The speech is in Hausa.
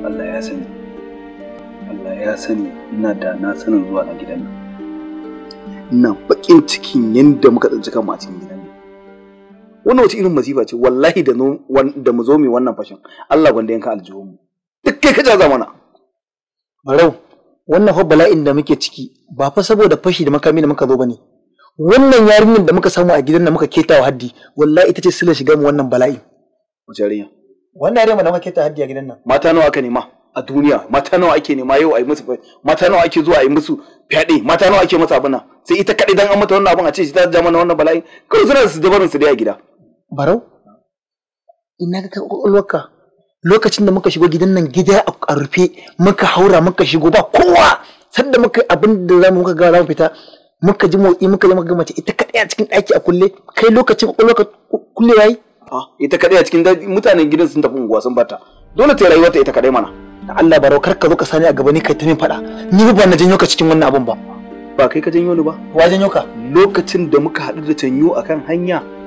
Allah ya sani Allah ya sani ina da na sanin zuwa na gidan nan ina bakin cikin yadda muka tsinci kanmu a cikin gidan nan wannan wace irin masifa ce wallahi da da mu zo mu wannan fashin Allah gwanda yanka aljihu mu duk kai ka jaza mana barau wannan fa bala'in da muke ciki ba fa saboda fashi da makami da muka zo bane wannan yarinyar da muka samu a gidan da muka ketawa haddi wallahi ita ce sila shiga mu wannan bala'in wace yarinya Wannan yare mana kake ta haddi a gidan nan. Mata nawa aka nema a duniya, mata nawa ake nema yau a yi musu mata nawa ake zuwa a yi musu fyaɗe, mata nawa ake musu abin Sai ita kaɗai dan an mata wannan abin a ce ta jama'a mana wannan bala'i. Kawai suna su dabarin su dai a gida. Barau, ina ka kwakwalwarka lokacin da muka shigo gidan nan gida a rufe muka haura muka shigo ba kowa sanda muka abin da za mu muka gawa za mu fita muka ji motsi muka yi muka ga mace ita kaɗai a cikin ɗaki a kulle kai lokacin kwakwalwarka kulle yi Ah, ita kadai a cikin mutanen gidan sun tafi unguwa sun bata dole ta rayuwarta ita kadai mana da Allah barau kar ka zo ka sani a gaba ni kai ta min fada ni ba na janyo ka cikin wannan abun ba ba kai ka janyo ni ba wa janyo ka lokacin da muka haɗu da canyo akan hanya